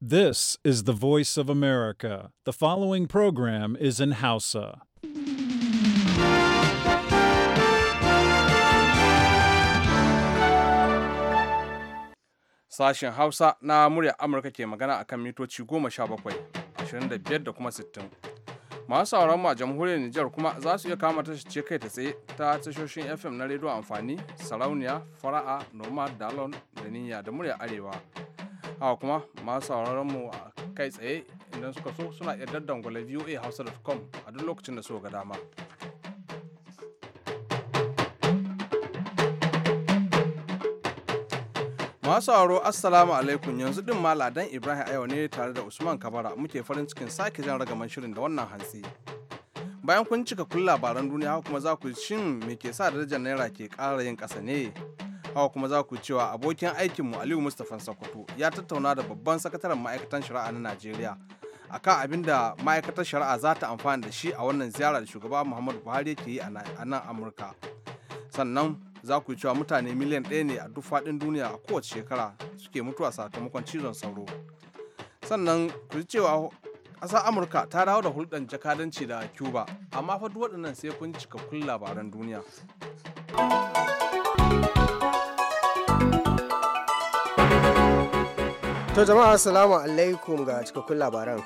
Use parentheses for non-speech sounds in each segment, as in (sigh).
This is the voice of America. The following program is in Hausa. Sashen Hausa na murya Amurka ke magana a kan mitoci 17, ashirin da kuma sittin Masu sauran a jamhuriyar Nijar kuma za su iya kama tashar ce kai ta tsaye ta tashoshin FM na rediyo amfani, sarauniya, fara'a, noma, dalon da niyya da murya arewa. haka kuma masu sauraron mu kai tsaye idan suka so suna iya daddangwale da hausa.com a duk lokacin da suka ga dama masu sauraro assalamu alaikum yanzu din ma ladan ibrahim ayo ne tare da usman kabara muke farin cikin sake jan ragaman shirin da wannan hantsi bayan kun cika kun labaran duniya kuma za ku shin me ke sa darajar naira ke ƙara yin ƙasa ne Hawa kuma za ku cewa abokin aikinmu Aliyu Mustapha Sokoto ya tattauna da babban sakataren ma'aikatan shari'a na Najeriya akan abin da ma'aikatar shari'a za ta amfana da shi a wannan ziyara da shugaba Muhammadu Buhari yake yi a nan Amurka. Sannan za ku cewa mutane miliyan ɗaya ne a duk faɗin duniya a kowace shekara suke mutuwa sakamakon cizon sauro. Sannan ku ji cewa ƙasar Amurka ta dawo da hulɗar jakadanci da Cuba, amma fa duk waɗannan sai kun cikakkun labaran duniya. To jama'a assalamu alaikum ga cikakkun labaran.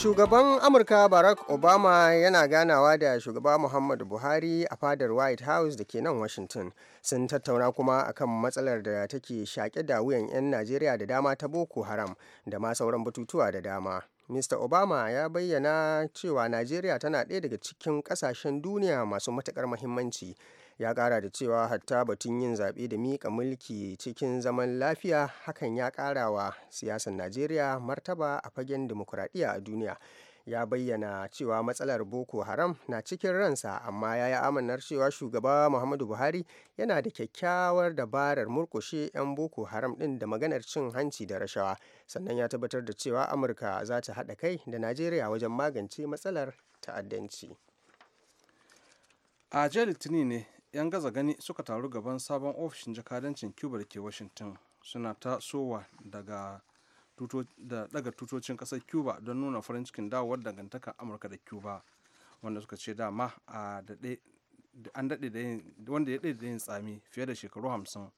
Shugaban Amurka Barack Obama yana ganawa da shugaba Muhammadu Buhari a fadar White House da ke nan Washington. Sun tattauna kuma akan matsalar da take shaƙe da wuyan 'yan Najeriya da dama ta Boko Haram da ma sauran batutuwa da dama. Mista Obama ya bayyana cewa Najeriya tana ɗaya daga cikin ƙasashen duniya masu matuƙar muhimmanci. Ya ƙara da cewa hatta batun yin zaɓe da miƙa mulki cikin zaman lafiya hakan ya ƙara wa siyasar Najeriya martaba a fagen dimokuraɗiyya a duniya. ya bayyana cewa matsalar boko haram na cikin ransa amma ya yi amannar cewa shugaba muhammadu buhari yana da kyakkyawar dabarar murkushe 'yan boko haram din da maganar cin hanci da rashawa sannan ya tabbatar da cewa amurka za ta haɗa kai da najeriya wajen magance matsalar ta'addanci a jiya litinin ne 'yan gaza gani suka taru gaban sabon ofishin jakadancin cuba da ke washington suna tasowa daga da daga tutocin kasar cuba don nuna farin cikin dawowar dangantakar amurka da cuba wanda suka ce dama an daɗe wanda ya daɗe da yin tsami fiye da shekaru hamsin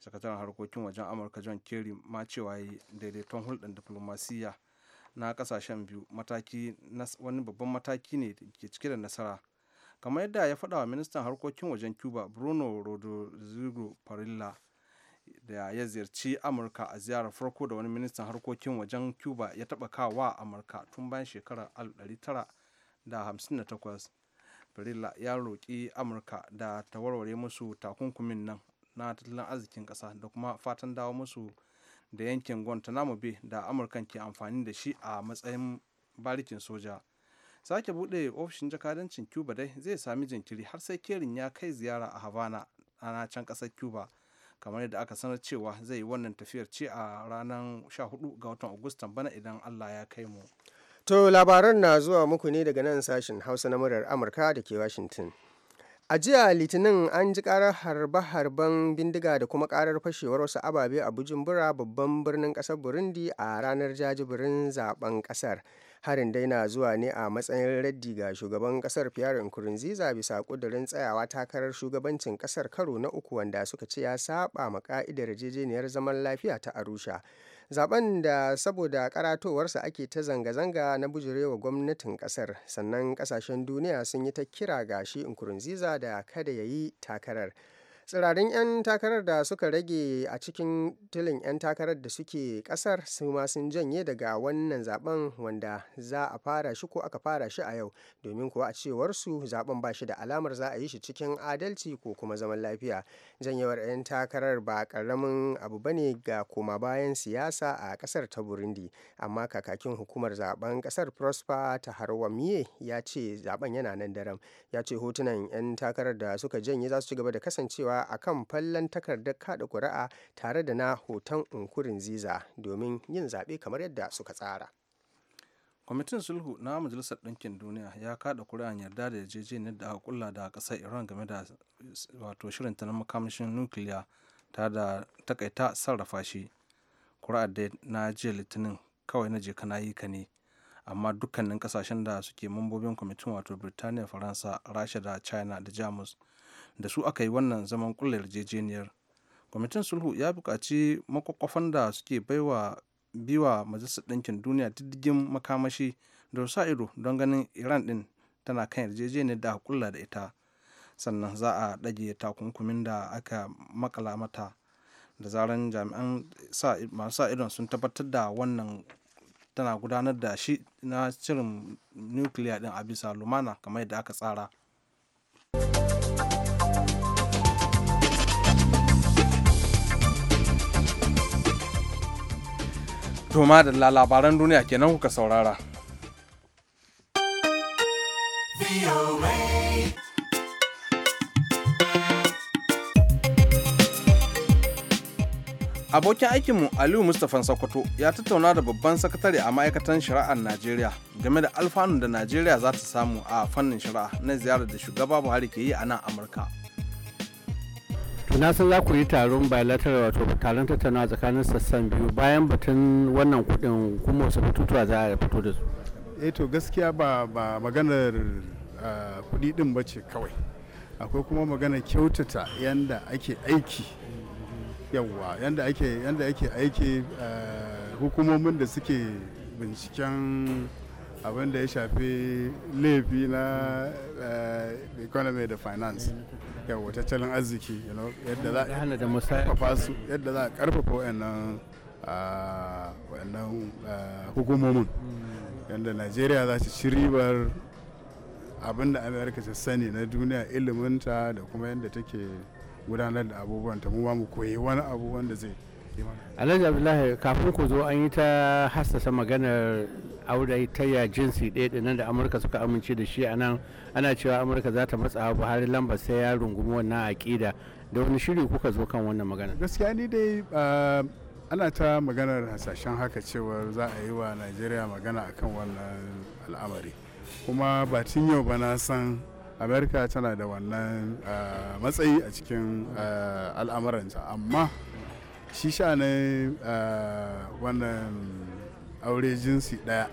sakataren harkokin wajen amurka john kerry ma cewa yi daidaiton hulɗar diflomasiyya na kasashen biyu wani babban mataki ne ke cike da nasara kamar yadda ya faɗa wa ministan harkokin wajen cuba bruno rodrigo parilla da ya ziyarci amurka a ziyarar farko da wani ministan harkokin wajen cuba ya taba kawa amurka tun bayan shekarar 1958 Farilla ya roƙi Amurka da ta warware musu takunkumin nan na tattalin arzikin ƙasa da kuma fatan dawo musu da yankin Guantanamo Bay da Amurkan ke amfani da shi a matsayin barikin soja. Sake buɗe ofishin jakadancin Cuba dai zai sami jinkiri har sai kerin ya kai ziyara a Havana ana can ƙasar Cuba kamar yadda aka sanar cewa zai yi wannan tafiyar ce a ranar 14 ga watan agustan bana idan allah ya kai mu to labaran na zuwa muku ne daga nan sashen hausa na murar amurka da ke washington a jiya litinin an ji karar harbe-harben bindiga da kuma karar fashewar wasu ababe a bujumbura babban birnin kasar burundi a ranar jajibirin zaben kasar harin dai na zuwa ne a matsayin raddi ga shugaban kasar pierre nkurunziza bisa kudurin tsayawa takarar shugabancin kasar karo na uku wanda suka ce ya saba ma ka'idar yarjejeniyar zaman lafiya ta arusha zaben da saboda karatowarsa ake ta zanga-zanga na bujurewa gwamnatin kasar sannan kasashen duniya sun yi ta kira ga shi nkurunziza da kada ya yi takarar tsirarin 'yan takarar da suka rage a cikin tilin 'yan takarar da suke kasar su ma sun janye daga wannan zaben wanda za a fara shi ko aka fara shi a yau domin kuwa a cewarsu su zaben ba shi da alamar za a yi shi cikin adalci ko kuma zaman lafiya janyewar 'yan takarar ba karamin abu bane ga koma bayan siyasa a kasar ta burundi amma kakakin hukumar zaben kasar prosper miye ya ce zaben yana nan daram ya ce hotunan 'yan takarar da suka janye za su ci gaba da kasancewa a kan fallon takardar kada kuri'a tare da na hoton unkurin ziza domin yin zaɓe kamar yadda suka tsara kwamitin sulhu na majalisar ɗinkin duniya ya kaɗa kuri'an yarda da yarjejeniyar da aka kulla da ƙasar iran game da wato shirin ta na makamashin nukiliya ta da takaita sarrafa shi kuri'ar da na jiya litinin kawai na je na yi ka ne amma dukkanin ƙasashen da suke mambobin kwamitin wato birtaniya faransa rasha da china da jamus da su aka yi wannan zaman kulla yarjejeniyar kwamitin sulhu ya buƙaci makwakwafan da suke baiwa biwa majalisar ɗinkin duniya diddigin makamashi da sa ido don ganin iran ɗin tana kan yarjejeniyar da aka da ita sannan za a ɗage takunkumin da aka makala mata da zaran jami'an masu sa idon sun tabbatar da wannan tana gudanar da shi na shirin nukiliya ɗin a bisa lumana kamar yadda aka tsara. To da labaran duniya kenan kuka saurara. Abokin aikinmu Aliyu Mustapha Sokoto ya tattauna da babban sakatare a ma'aikatan shari'ar Najeriya game da alfanun da Najeriya za ta samu a fannin shari'a na ziyarar da shugaba Buhari ke yi a nan Amurka. to na san za ku yi taron bilateral wato taron tattaunawa tsakanin sassan biyu bayan batun wannan kuɗin kuma wasu batutuwa za a fito da su eh to gaskiya ba ba maganar ah, kuɗi ɗin ba ce kawai akwai kuma maganar kyautata yanda ake aiki yawa yanda ake yanda ake aiki ah, hukumomin da suke binciken abin ya shafi laifi na eh, economy da finance yawa tattalin arziki yadda za a karfafa wayannan ah, wayannan ah, hukumomin hmm. yadda najeriya za ta ci ribar abin da amerika ta sani na duniya iliminta da kuma yadda take gudanar da abubuwan ta mu mu koyi wani abu wanda zai alhaji abdullahi kafin ku zo an yi ta hasasa maganar aure ta ya jinsi ɗaya ɗinan da amurka suka amince da shi a nan ana cewa amurka za ta matsa buhari lamba sai ya rungumi wannan aƙida da wani shiri kuka zo kan wannan magana gaskiya ni dai ana ta maganar hasashen haka cewa za a yi wa najeriya magana akan wannan al'amari kuma tun yau ba na san amurka tana da wannan matsayi a cikin al'amuranta amma shi sha ne eh, wannan aure jinsi ɗaya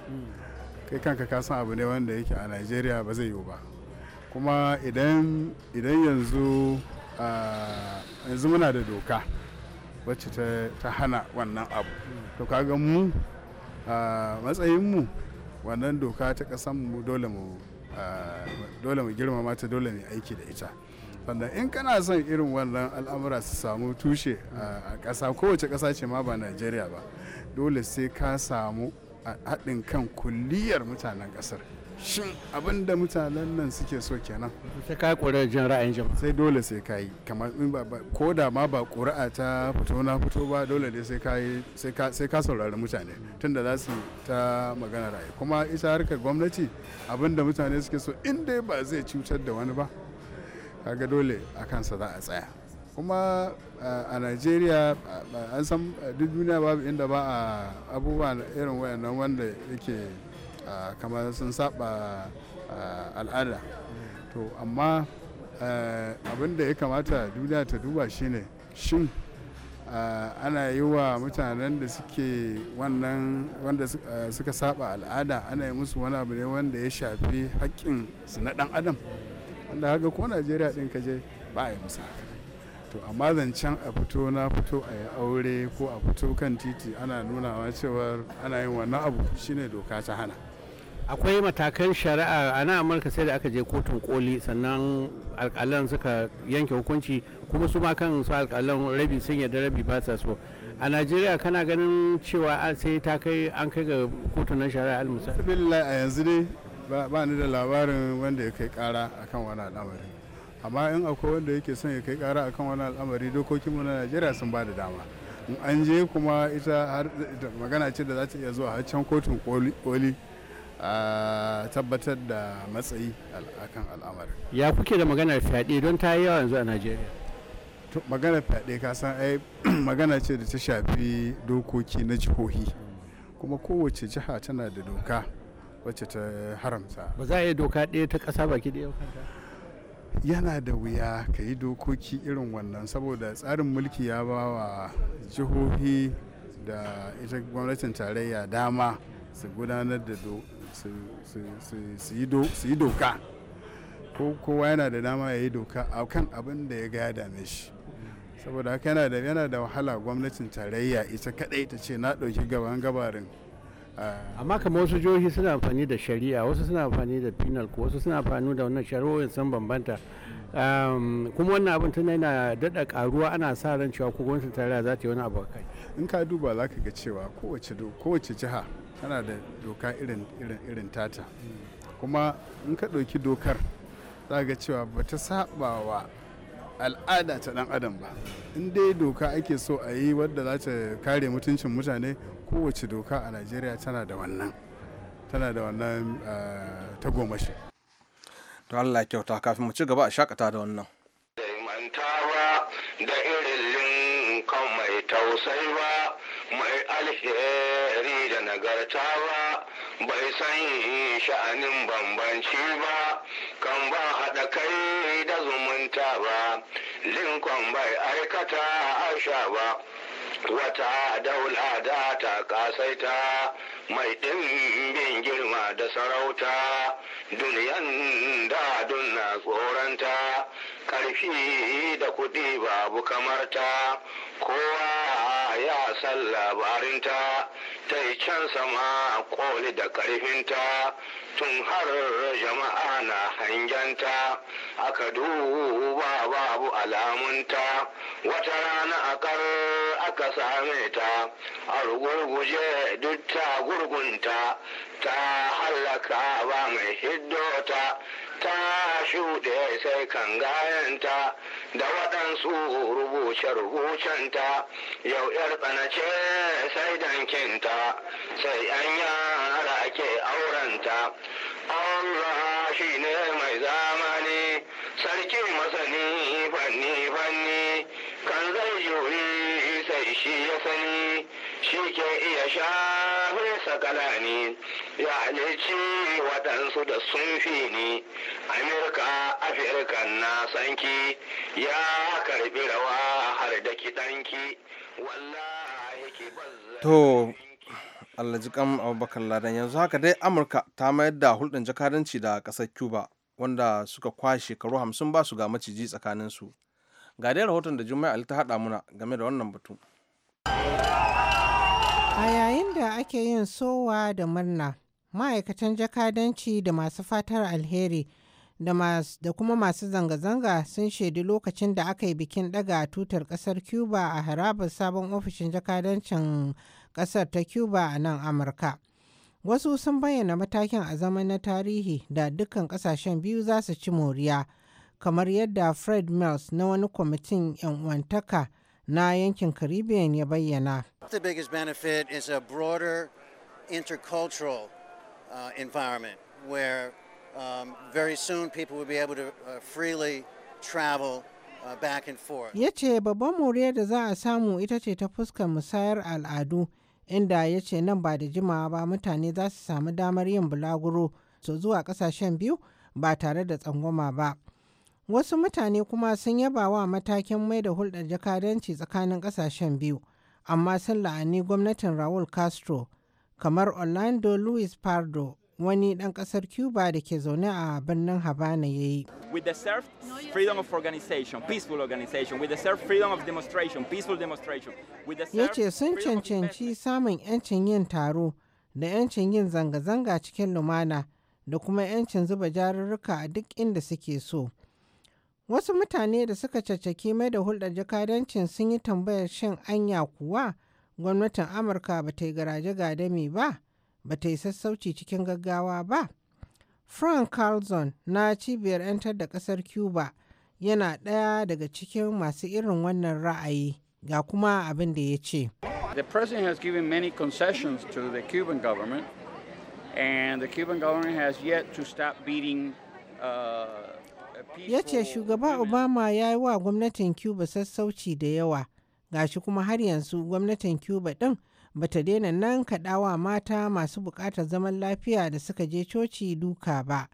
kai kanka ka san abu ne wanda yake a nigeria ba zai yiwu ba kuma idan yanzu eh, yanzu muna da doka wacce ta hana wannan abu to kaga mu a eh, matsayinmu wannan doka ta kasanmu dole mu girmama ta dole mu aiki da ita wanda in kana son irin wannan al'amura su samu tushe a ƙasa kowace ƙasa ce ma ba najeriya ba dole sai ka samu haɗin kan kulliyar mutanen ƙasar shin abin da mutanen nan suke so kenan sai ka yi ƙuri'ar jin ra'ayin jama'a sai dole sai ka yi kamar ko da ma ba ƙuri'a ta fito na fito ba dole ne sai ka yi sai ka saurari mutane tunda za su ta magana ra'ayi kuma ita harkar gwamnati abin da mutane suke so in dai ba zai cutar da wani ba kaga dole a kansa za a tsaya kuma a najeriya an san duk duniya babu inda ba a abubuwa irin wayannan wanda yake kamar sun saba al'ada to amma abin da ya kamata duniya ta duba shine shin ana yi wa mutanen da suke wannan wanda suka saba al'ada ana yi musu wani abu ne wanda ya shafi hakkin su na ɗan adam wanda haka ko najeriya din ka je ba a yi musu to amma zancen a fito na fito a yi aure ko a fito kan titi ana nunawa cewar ana yin wannan abu shine doka ta hana akwai matakan shari'a a nan amurka sai da aka je kotun koli sannan alkalan suka yanke hukunci kuma su ma kan su alkalan rabi sun yadda rabi ba sa so a najeriya kana ganin cewa sai ta kai an kai ga kotunan shari'a almusa a yanzu dai ba ni da labarin wanda ya kai kara akan wani al'amari amma in akwai wanda yake son ya kai kara akan wani al'amari dokokinmu mu na najeriya sun ba da dama an je kuma ita har magana ce da za ta iya zuwa har can kotun koli a tabbatar da matsayi akan al'amari ya kuke da maganar fyaɗe don ta yi yawa yanzu a najeriya magana fyaɗe ka san ai (clears throat) magana ce da ta shafi dokoki na jihohi kuma kowace jiha tana da doka wacce ta haramta ba za a yi doka ɗaya ta ƙasa baki ɗaya kanta yana da wuya ka yi dokoki irin wannan saboda tsarin mulki ya ba wa jihohi da ita gwamnatin tarayya dama su gudanar da su yi doka ko kowa yana da dama ya yi doka a kan abin da ya ga ya dame shi saboda haka yana da wahala gwamnatin tarayya ita kadai ta ce na ɗauki gaban gabarin Eh. amma kamar wasu jihohi suna amfani da shari'a wasu suna amfani da penal ko wasu suna amfani da wannan shari'o'in sun bambanta ehm, kuma wannan abin tana yana daɗa ƙaruwa ana sa ran cewa ko gwamnatin tarayya za ta yi wani abu kai in ka duba za ka ga cewa kowace kowace jiha tana da doka irin irin irin tata kuma in ka ɗauki dokar za ga cewa ba ta saba wa al'ada ta ɗan adam ba in dai doka ake so a yi wadda za ta kare mutuncin mutane kowace doka a najeriya tana da wannan tana da wannan eh, tagomashi to allah kyauta kafin mu ci gaba a shakata da wannan da irin kan mai tausai ba mai alheri da nagarta ba bai san sha'anin bambanci ba kan ba haɗa kai da zumunta ba linkon bai aikata asha ba wata da ta kasaita mai ɗimbin girma da sarauta duniyan da na tsoranta ƙarfi da kuɗi babu kamarta kowa ya san labarinta ta yi can sama koli da ƙarfinta tun har jama'a na hangenta aka duba babu alamunta wata rana a kar aka same ta a rugurguje duk ta gurgunta ta hallaka ba mai hiddota ta shuɗe sai kan gayanta da waɗansu rubuce-rubucenta yau ‘yar tsanace sai dankinta sai ‘yan yara ake aurenta. Allah shi ne mai zamani, sarki masani fanni-fanni kan zai yoyi shi ya sani shi ke iya shafin sakala ne ya halici waɗansu da sun fi ni amurka afirka na sanki ya karbi rawa har da kiɗanki wallahi ki to Allah ji abubakar ladan yanzu haka dai amurka ta mayar da hulɗin jakadanci da ƙasar cuba wanda suka kwashe shekaru hamsin ba su ga maciji tsakaninsu ga dai rahoton da juma'a ta haɗa muna game da wannan batu. A yayin da ake yin sowa da murna, ma'aikatan jakadanci da masu fatar alheri da kuma masu zanga-zanga sun shaidi lokacin da aka yi bikin ɗaga tutar ƙasar Cuba a harabar sabon ofishin jakadancin ƙasar ta Cuba a nan Amurka. Wasu sun bayyana matakin a zaman na tarihi da dukkan ƙasashen biyu za su ci moriya, kamar yadda Fred Mills na wani kwamitin 'yan uwantaka. na yankin Caribbean ya bayyana. The biggest benefit is a broader intercultural uh, environment where um, very soon people will be able to uh, freely travel uh, back and forth. Ya ce babban moriyar da za a samu ita ce ta fuskar musayar al'adu inda ya ce nan ba da jimawa ba mutane za su samu damar yin bulaguro su zuwa kasashen biyu ba tare da tsangwama ba. Wasu mutane kuma sun yaba wa matakin mai da hulɗar jakadanci tsakanin ƙasashen biyu, amma sun la'ani gwamnatin Raul Castro, kamar Orlando Luis Pardo, wani ɗan ƙasar Cuba da ke zaune a birnin Habana ya yi. With the self freedom Ya ce sun cancanci samun 'yancin yin taro da 'yancin yin zanga-zanga cikin lumana da kuma 'yancin zuba jarurruka a duk inda suke so. Wasu mutane da suka caccaki mai da hulɗar jakadancin sun yi tambayar shin anya kuwa gwamnatin Amurka ba ta yi garaje gadami ba, ba ta yi sassauci cikin gaggawa ba. Frank Carlson na cibiyar 'yantar da ƙasar Cuba yana ɗaya daga cikin masu irin wannan ra'ayi ga kuma abin da ya ce. The president has given many concessions to the Cuban government and the Cuban government has yet to stop beating uh, ya ce shugaba obama ya yi wa gwamnatin cuba sassauci da yawa gashi kuma har yanzu gwamnatin cuba ɗin bata daina nan kaɗawa mata masu buƙatar zaman lafiya da suka je coci duka ba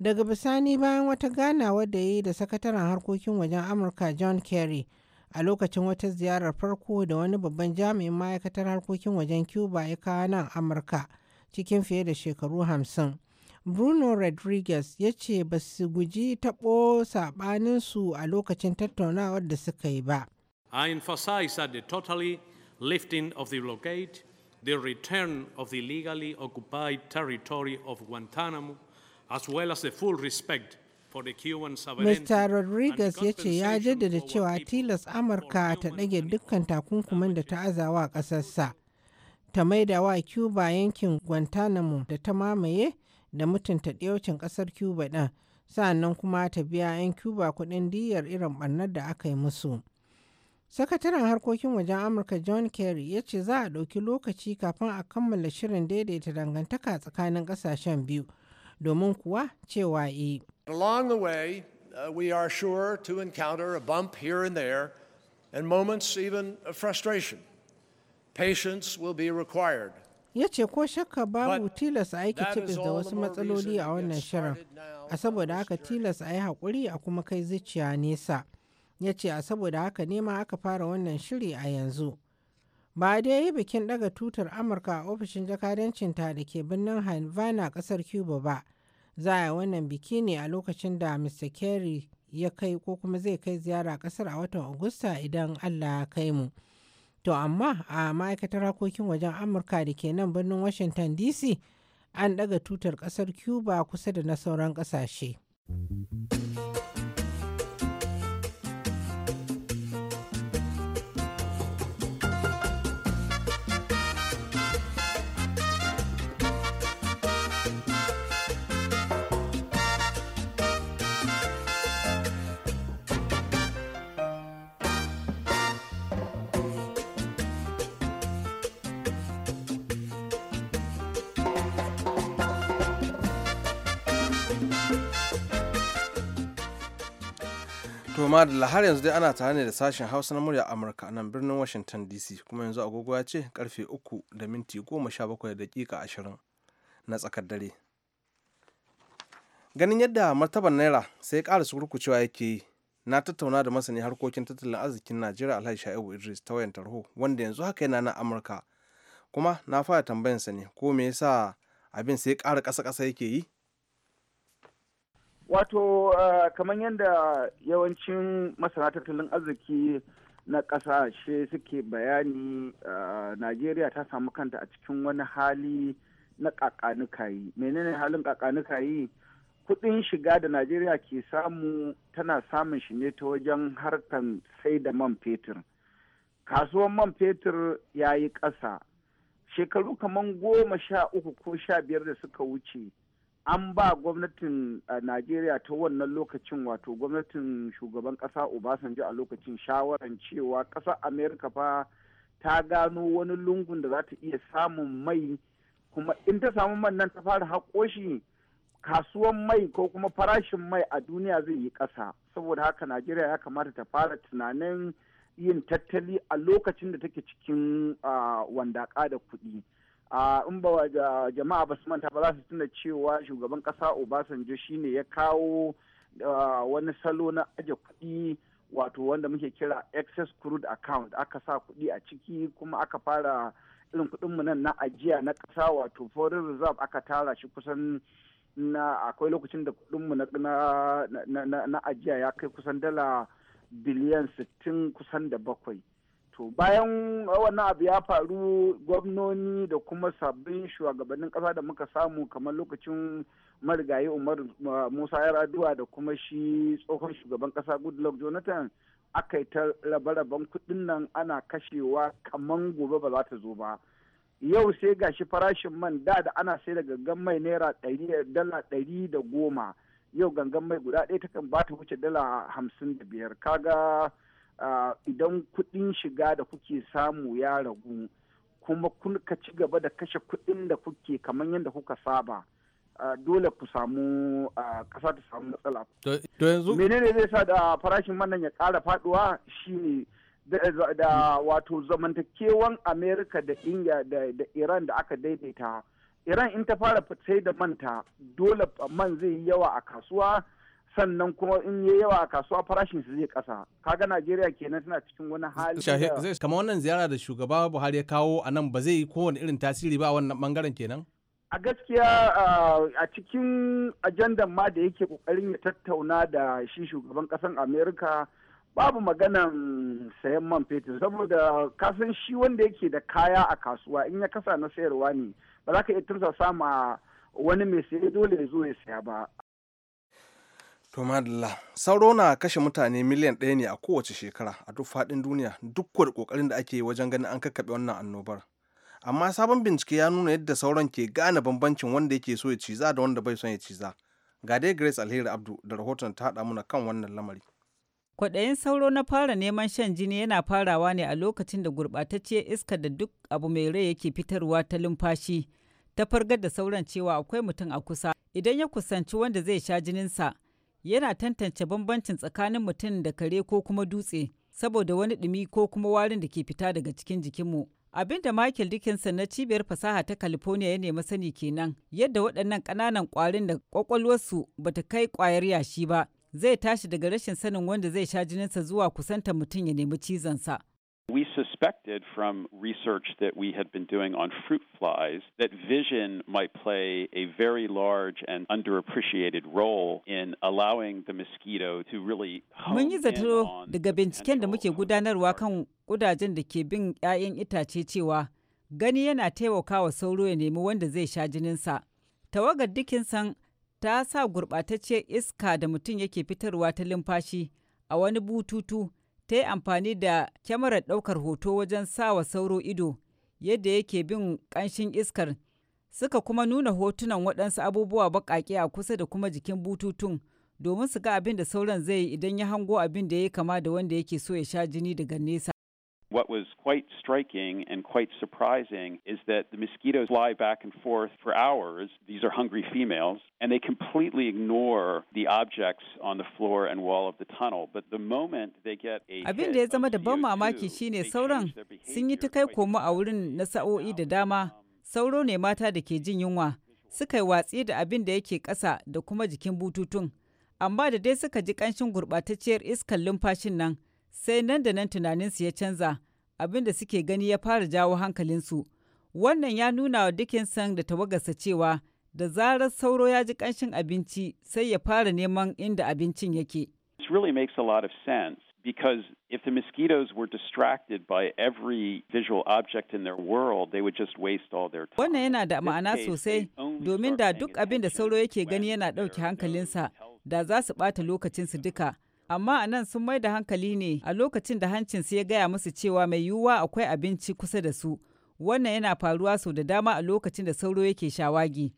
daga bisani bayan wata ganawa da ya yi da sakataren harkokin wajen amurka john kerry a lokacin wata ziyarar farko da wani babban jami'in ma'aikatar harkokin wajen cuba ya kawo nan amurka cikin fiye da shekaru hamsin Bruno Rodriguez ya ce ba su guji taɓo saɓaninsu a lokacin tattaunawar da suka yi ba. I emphasize that the totally lifting of the blockade, the return of the legally occupied territory of Guantanamo, as well as the full respect Mr. Rodriguez ya ce ya jaddada cewa tilas Amurka ta ɗage dukkan takunkumin da ta azawa ƙasarsa, ta maida wa Cuba yankin Guantanamo da ta mamaye da mutunta ɗaucin ƙasar cuba ɗin sa'annan kuma ta biya 'yan cuba kuɗin diyar irin ɓarnar da aka yi musu sakataren harkokin wajen amurka john kerry ya ce za a ɗauki lokaci kafin a kammala shirin daidaita dangantaka tsakanin ƙasashen biyu domin kuwa cewa e along the way uh, we are sure to encounter a bump here and there and moments frustration patience will be required ya ce ko shakka babu tilas a aiki cibis da wasu matsaloli a wannan shirin a saboda haka tilas a yi haƙuri a kuma kai zuciya nesa ya ce a saboda haka nema aka fara wannan shiri a yanzu ba dai yi bikin daga tutar amurka a ofishin jakadancinta da ke birnin havana kasar cuba ba za a wannan biki ne a lokacin da mr kerry ya kai ko kuma zai kai ziyara kasar a watan agusta idan allah ya kai mu. To amma a ma'aikatar harkokin wajen Amurka da ke nan birnin Washington DC an ɗaga tutar ƙasar Cuba kusa da na sauran ƙasashe. to da har yanzu dai ana tare ne da sashen hausa na murya amurka a nan birnin washington dc kuma yanzu agogo ya ce karfe 3 da minti 17 dakika 20 na tsakar dare ganin yadda martaban naira sai ƙara surkucewa yake yi na tattauna da masani harkokin tattalin arzikin najeriya alhaji sha'ibu idris ta wayan tarho wanda yanzu haka yana na amurka kuma na fara tambayansa ne ko me yasa abin sai ƙara ƙasa-ƙasa yake yi Wato eh, kamar yadda yawancin masana tattalin arziki na kasashe suke bayani eh, Najeriya ta samu kanta a cikin wani hali na ƙaƙanukayi. Menene halin ƙaƙanukayi? kudin shiga da Najeriya ke samu tana samun shi ne ta wajen harkan sai da man fetur. Kasuwan man fetur ya yi ƙasa. Shekaru kamar goma sha uku ko sha biyar da suka wuce. an ba gwamnatin najeriya ta wannan lokacin wato gwamnatin shugaban kasa obasanjo a lokacin shawaran cewa ƙasar amerika fa ta gano wani lungun da za ta iya samun mai kuma in ta samu man nan ta fara haƙo kasuwan mai ko kuma farashin mai a duniya zai yi ƙasa saboda haka najeriya ya kamata ta fara tunanin yin tattali a lokacin da take cikin wandaƙa da kuɗi. in ba jama'a ba su manta ba za su tuna cewa shugaban kasa obasanjo shine ya kawo wani salo na aje kuɗi wato wanda muke kira excess crude account aka sa kuɗi a ciki kuma aka fara irin kuɗinmu nan na ajiya na ƙasa wato foreign reserve aka tara shi kusan na akwai lokacin da kuɗinmu na, ajiya ya kai kusan dala biliyan sittin kusan da bakwai to bayan wannan abu ya faru gwamnoni da kuma sabbin shugabannin kasa da muka samu kamar lokacin marigayi umar ah, musa yaraduwa da kuma shi tsohon shugaban kasa goodluck jonathan aka yi ta rabe-raben kudin nan ana kashewa kamar gobe ba za ta zo ba yau sai gashi farashin man da da ana sai da gangan mai naira dala ɗari da goma yau gangan mai guda ɗaya takan ba ta wuce dala hamsin da biyar kaga idan kudin shiga da kuke samu ya ragu kuma kuka ci gaba da kashe kudin da kuke kamar yadda kuka saba dole ku samu kasa ta samu matsala. Menene zai sa da farashin manan ya ƙara faɗuwa shine da wato zamantakewan Amerika da India da Iran da aka daidaita. Iran in ta fara sai da manta dole man zai yi yawa a kasuwa sannan kuma in yi yawa a kasuwa farashin su zai kasa kaga najeriya kenan tana cikin wani hali zai kama wannan ziyara da shugaba buhari ya kawo a nan ba zai yi kowane irin tasiri ba wannan bangaren kenan a gaskiya a cikin ajandan ma da yake kokarin ya tattauna da shi shugaban kasan america babu maganan sayan man fetur saboda kasan shi wanda yake da kaya a kasuwa in ya kasa na sayarwa ne ba za ka iya tursa sama wani mai sayi dole ya zo ya saya ba To sauro na kashe mutane miliyan ɗaya ne a kowace shekara a duk faɗin duniya duk da ƙoƙarin da ake yi wajen ganin an kakkaɓe wannan annobar. Amma sabon bincike ya nuna yadda sauran ke gane bambancin wanda yake so ya ciza da wanda bai son ya ciza. Ga dai Grace Alheri Abdu da rahoton ta haɗa muna kan wannan lamari. Kwaɗayin sauro na fara neman shan jini yana farawa ne a lokacin da gurɓatacciyar iska da duk abu mai rai yake fitarwa ta lumfashi ta fargar da sauran cewa akwai mutum a kusa idan ya kusanci wanda zai sha jininsa. yana tantance bambancin tsakanin mutum da kare ko kuma dutse saboda wani ɗumi ko kuma warin da ke fita daga cikin jikinmu. Abin da Michael Dickinson na cibiyar fasaha ta California ya nemi sani kenan yadda waɗannan ƙananan ƙwarin da ƙwaƙwalwarsu ta kai ƙwayar yashi ba zai tashi daga rashin sanin wanda zai sha jininsa zuwa kusanta mutum ya nemi cizonsa. We suspected from research that we had been doing on fruit flies that vision might play a very large and underappreciated role in allowing the mosquito to really Mun yi zato daga binciken da muke gudanarwa kan kudajen da ke bin 'ya'yan itace cewa gani yana taimakawa sauro ya nemi wanda zai sha jininsa. Tawagar Dickinson ta sa gurɓatacciyar iska da mutum yake fitarwa ta limfashi a wani bututu ta yi amfani da kyamarar ɗaukar hoto wajen sawa sauro ido yadda yake bin ƙanshin iskar suka kuma nuna hotunan waɗansu abubuwa baƙaƙe a kusa da kuma jikin bututun domin su ga abin da sauran zai yi idan ya hango abin da ya kama da wanda yake so ya sha jini daga nesa. What was quite striking and quite surprising is that the mosquitoes fly back and forth for hours. These are hungry females, and they completely ignore the objects on the floor and wall of the tunnel. But the moment they get a Abin da ya zama da ban mamaki shine sauran sun yi ta kai komo a wurin na sa'o'i da dama. Sauro ne mata da ke jin yunwa suka yi watsi da abin da yake ƙasa da kuma jikin bututun. Amma da dai suka ji ƙanshin gurɓatacciyar iskar lumfashin nan, sai nan da nan tunaninsu ya canza abin da suke gani ya fara jawo hankalinsu wannan ya nuna wa dickinson da tawagarsa cewa da zarar sauro ya ji ƙanshin abinci sai ya fara neman inda abincin yake because if the mosquitoes were distracted by every visual object in their world, they would just waste all their time. Wannan yana da ma'ana sosai domin da duk abin da sauro yake gani yana ɗauke hankalinsa da za su ɓata lokacinsu duka. amma a nan sun mai da hankali ne a lokacin da hancinsu ya gaya musu cewa mai yiwuwa akwai abinci kusa da su wannan yana faruwa sau da dama a lokacin da sauro yake shawagi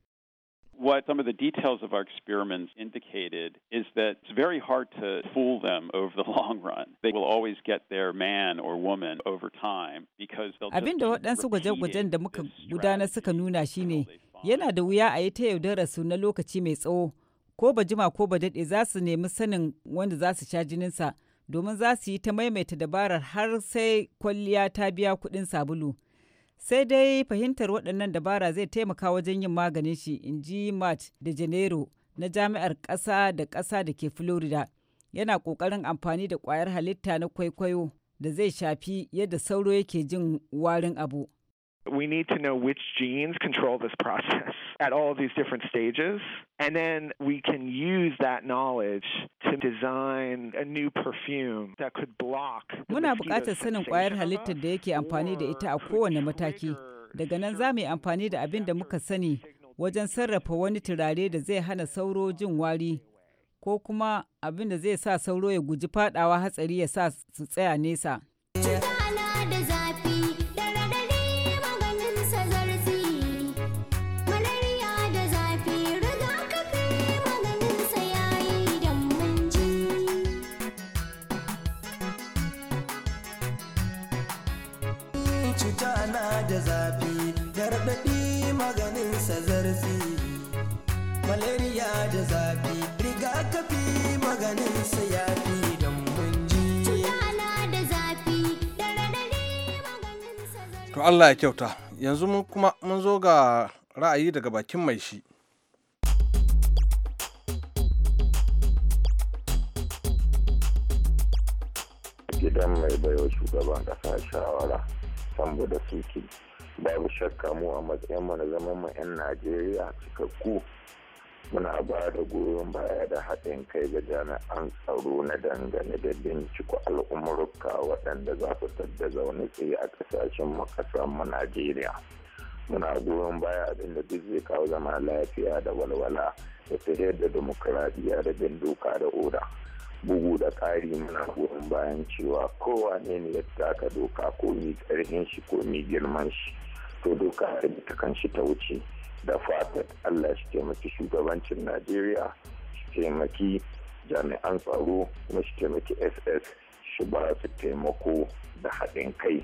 What some of the details of our experiments indicated is that it's very hard to fool them over the (laughs) long run. They will always get their man or woman over time because they'll Abin da waɗansu gwaje-gwajen da muka gudanar suka nuna shine yana da wuya a yi ta yaudarar su na lokaci mai tsawo ko ba jima ko ba daɗe za su nemi sanin wanda za su sha jininsa domin za su yi ta maimaita dabarar har sai kwalliya ta biya kuɗin sabulu. Sai dai fahimtar waɗannan dabara zai taimaka wajen yin maganin shi, in ji march da janairu na jami'ar ƙasa da ƙasa da ke Florida. Yana ƙoƙarin amfani da ƙwayar halitta na kwaikwayo da zai shafi yadda sauro yake jin warin abu. We need to know which genes control this process (laughs) at all of these different stages. And then we can use that knowledge to design a new perfume that could block. Muna buƙatar sanin ƙwayar halittar da yake amfani da ita a kowane mataki. Daga nan za mu yi amfani da abin da muka sani wajen sarrafa wani turare da zai hana sauro jin wari ko kuma abin da zai sa sauro ya guji fadawa hatsari ya sa su tsaya nesa. cuta na da zafi gargaɗi maganinsa zarfi malaria da zafi rigakafi maganinsa yafi don mun to Allah ya kyauta yanzu mun kuma mun zo ga ra'ayi daga bakin mai shi gidan mai baiwa shugaban kasa shawara da suke babu shakka mu a matsayin mu na zaman mu 'yan najeriya cikakku muna ba da goyon baya da haɗin kai ga jami'an tsaro na dangane da binciko al'umurka waɗanda za su tadda zaune tsaye a ƙasashen makasan mu najeriya muna goyon baya abinda duk zai kawo zama lafiya da walwala da ta da dimokuraɗiyya da bin doka da oda bugu da ƙari mana goyon bayan cewa kowa ne ne ya taka doka ko mi ƙarfin shi ko mi girman shi to doka ta kan shi ta wuce da fatan allah shi taimaki shugabancin najeriya shi taimaki jami'an tsaro kuma shi taimaki ss shi ba su taimako da haɗin kai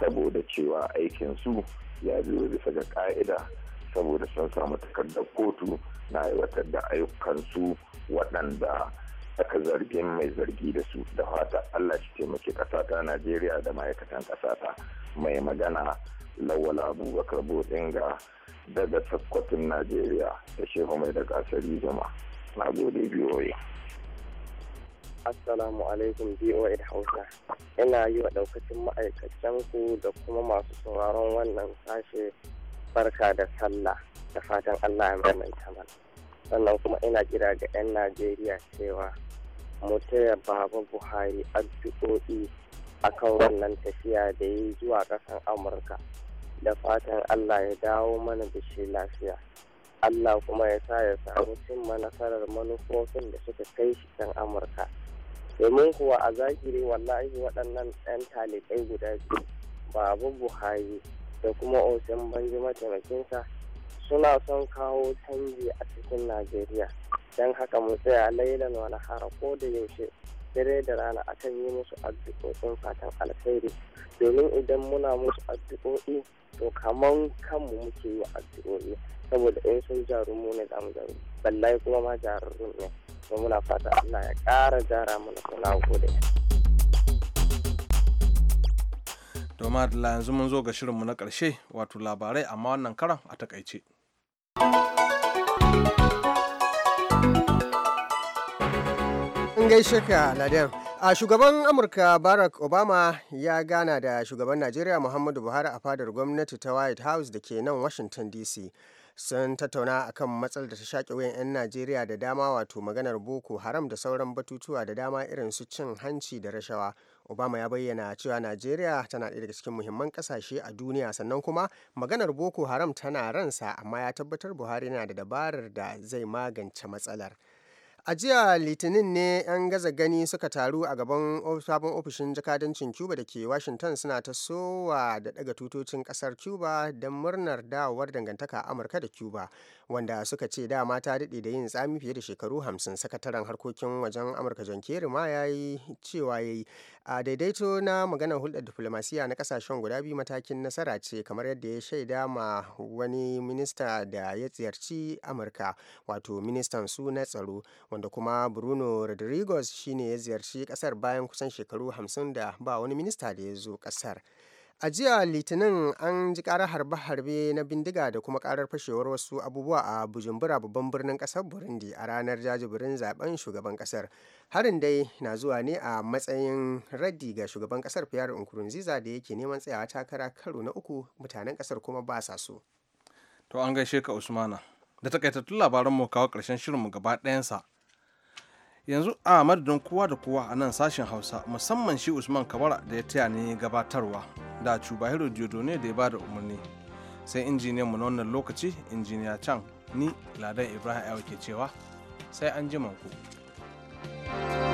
saboda cewa aikin su ya biyo bisa ga ƙa'ida saboda sun samu takardar kotu na aiwatar da ayyukansu waɗanda aka zargi mai zargi da su da fata Allah shi kasa ta Najeriya da ma'aikatan ta mai magana lawal abubakar bodinga daga sakkwatun Najeriya da shehu mai da kasari jama na gode biyoyi. Assalamu alaikum BOA Hausa. Ina yi wa ɗaukacin ma'aikatan ku da kuma masu sauraron wannan sashe barka da sallah da fatan Allah ya maimaita mana. sannan kuma ina kira ga 'yan najeriya cewa mu taya baba buhari addu'o'i akan wannan tafiya da yi zuwa ƙasan amurka da fatan allah ya dawo mana da shi lafiya allah kuma ya sa ya samu cimma nasarar manufofin da suka kai shi kan amurka domin kuwa a zahiri wallahi waɗannan 'yan talibai guda biyu baba buhari da kuma osin banji mataimakinsa suna son kawo canji a cikin najeriya don haka mu tsaya lailan wani hara ko da yaushe dare da rana akan yi musu addu'o'in fatan alkhairi domin idan muna musu addu'o'i to kaman kanmu muke yi addu'o'i saboda in sun jarumu ne za mu jaru ballai kuma ma jararru ne to muna fata Allah ya kara jara mana suna gode. domin da yanzu mun zo ga shirinmu na karshe wato labarai amma wannan karan a takaice. In gaishe ka Ladan. A shugaban Amurka Barack Obama ya gana da shugaban Najeriya Muhammadu Buhari a fadar gwamnati ta White House da ke nan Washington DC. sun tattauna kan matsalar da ta shaƙe wayan 'yan najeriya da dama wato maganar boko haram da sauran batutuwa da dama irin su cin hanci da rashawa obama ya bayyana cewa najeriya tana ɗaya daga cikin muhimman ƙasashe a duniya sannan kuma maganar boko haram tana ransa amma ya tabbatar buhari yana da dabarar da zai magance matsalar a jiya litinin ne 'yan gaza gani suka taru a gaban sabon ofishin jakadancin cuba da ke washington suna ta sowa da daga tutocin kasar cuba don murnar dawowar dangantaka amurka da cuba wanda suka ce dama ta daɗe da yin tsami fiye da shekaru hamsin sakataren harkokin wajen amurka john kerry ma ya yi cewa ya yi a daidaito na maganar hulɗar diflomasiya na ƙasashen guda biyu matakin nasara ce kamar yadda ya shaida ma wani minista da ya ziyarci amurka wato ministan su na tsaro wanda kuma bruno rodriguez shine ya ziyarci ƙasar bayan kusan shekaru hamsin da ba wani minista da ya zo ƙasar. a jiya litinin an ji karar harbe-harbe na bindiga da kuma karar fashewar wasu abubuwa a bujumbura babban birnin kasar burundi a ranar jajibirin zaben shugaban kasar harin dai na zuwa ne a matsayin raddi ga shugaban kasar fiyar nkurunziza da yake neman tsayawa takara karo na uku mutanen kasar kuma ba sa so to an gaishe ka usmana da takaitattun labaran mu kawo karshen shirinmu gaba ɗayansa yanzu a madadin kowa da kowa a nan sashen hausa musamman shi usman kabara da ya taya ne gabatarwa da cubahiro diodo ne da ya ba da umarni sai injiniyan mu na wannan lokaci injiniya can ni ladan ibrahim ke cewa sai an ji ku. thank you